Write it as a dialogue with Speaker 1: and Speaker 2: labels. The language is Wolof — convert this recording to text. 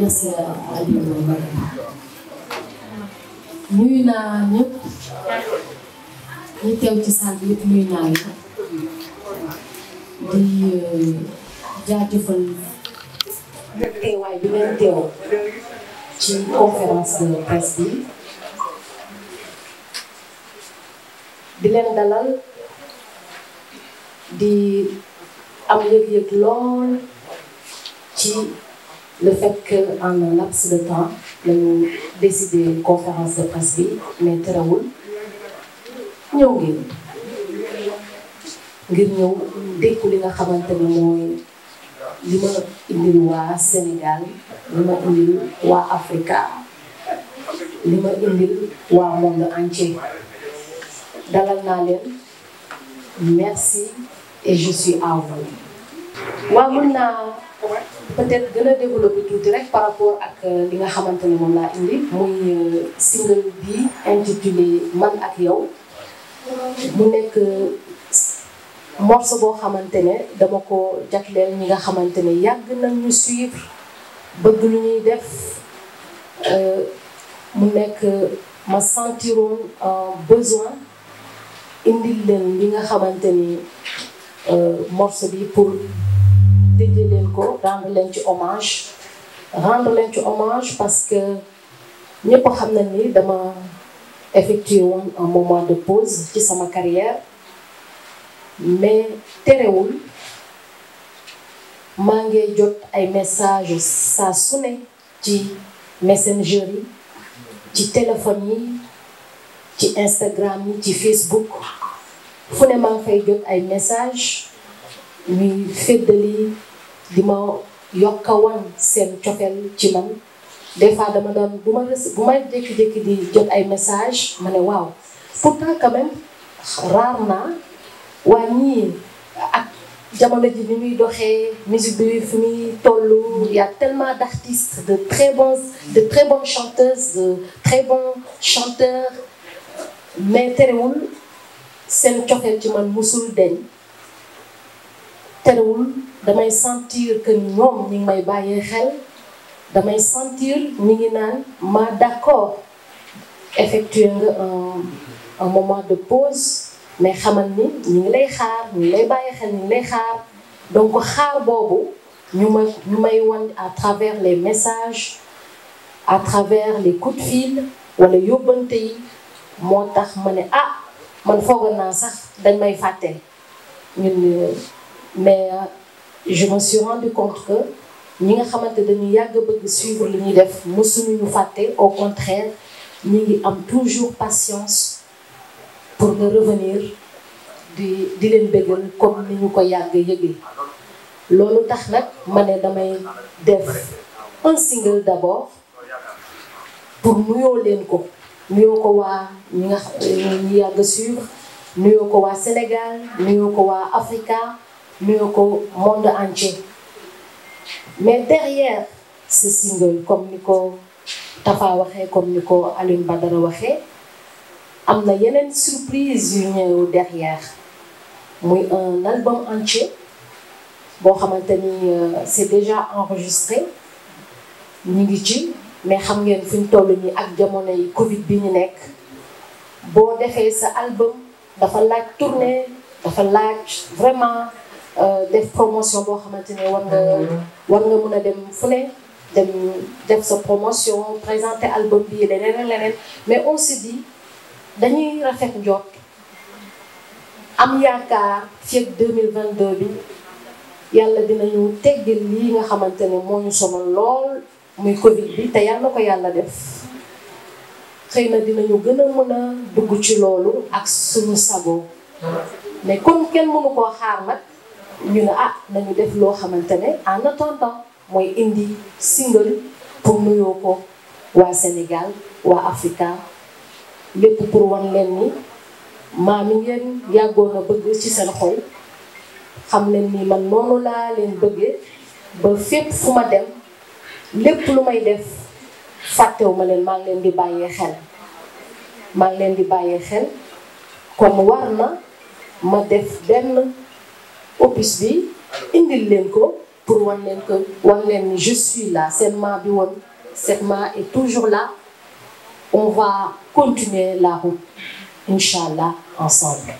Speaker 1: yas Aliou Mbaye nuyu naa ñëpp ñu teew ci saal bi yëpp naa leen di euh, jaajëfal teewaay bi leen teew ci conférence de di leen dalal di am yëg-yëg lool ci. le fait que en un laps de temps lañu décider conférence de bi mais terewul ñëw ngir ñëw dékku li nga xamante ne mooy li ma indil waa Sénégal li ma indil waa Africa li ma indil waa monde entier dalal naa leen merci et je suis waaw mën naa peut-être gën a développer tuuti rek par rapport ak euh, li nga xamante ni moom laa indi muy euh, single bi intitulé man ak yow mu nekk euh, morceau boo xamante ne dama ko jagleel ñi nga xamante ne yàgg nañ ñu suivre bëgg lu ñuy def mu nekk ma sentiroon besoin indil leen li nga xamante ni morceau bi pour rendre leen ci hommage rendre leen ci hommage parce que ñëpp xam na ni dama effectué woon un moment de pause ci sama carrière mais terewul maa ngi jot ay messages saa su ne ci messenger yi ci téléphone yi ci Instagram yi ci Facebook fu ne maa fay jot ay messages yuy féddali di ma seen cofeel ci man des fois dama bu ma bu may jékki di jot ay message ma ne waaw pourtant quand même raar naa waa ñii ak jamono ji ni muy doxee musique bi fi muy toll il y a de très bons de très bonnes chanteuses très bons chanteurs mais terewul seen cofeel ci man musul deñ terewul damay sentir que ñoom ñu may bàyyee xel damay sentir ñu ngi naan ma d'accord effectuer nga un un moment de pause mais xamal ni ñu ngi lay xaar ñu ngi lay bàyyi xel ñu lay xaar donc xaar boobu ñu may ñu may wan à travers les messages à travers les coups wala yóbbante yi moo tax ma ne ah man foogoon naa sax dañ may fàtte ñun mais. je me suis rendu compte que ñi nga xamante dañu yàgg bëgg suivre lu ñuy def mësuñu ñu fàtte au contraire ñu ngi am toujours patience pour nga revenir di di leen bëggal comme ni ñu ko yàgg yëgee loolu tax nag ma ne damay def un single d'abord pour nuyoo leen ko nuyoo ko waa ñi nga ñu yàgg suivre nuyoo ko waa Sénégal nuyoo ko waa Africa nuyu ko monde entier mais derrière ce single comme ni ko Tafa waxee comme ni ko Alioune Badara waxee am na yeneen surprise yu ñëw derrière muy un album entier boo xamante ni euh, c'est déjà enregistré ñu ngi ci mais xam ngeen fi ñu toll nii ak jamono yi Covid bi ñu nekk boo defee sa album dafa laaj tournée dafa laaj vraiment. Euh, def promotion boo xamante ne war nga war nga mën a dem fu ne dem def sa promotion présenter album bi leneen ak leneen mais on se dit dañuy rafet njort am yaakaar fii ak 2022 bi yàlla dinañu teggil lii nga xamante ne moo ñu sonal lool muy Covid bi te yàlla ko yàlla def xëy na dinañu gën a mën a dugg ci loolu ak suñu sago mais comme kenn mënu koo xaar nag. ñu ne ah nañu def loo xamante ne en attendant mooy indi single pour nuyoo ko waa Sénégal waa Africa lépp pour wan leen ni maam yi ngeen yàggoon a bëgg ci seen xol xam leen nii man noonu laa leen bëggee ba fépp fu ma dem lépp lu may def fàttewu ma leen maa leen di bàyyee xel maa ngi leen di bàyyee xel comme war na ma def benn office bi indil leen ko pour wan leen que wan leen ni je suis là seen maa bi woon seen maa est toujours là on va continuer la route incha allah ensemble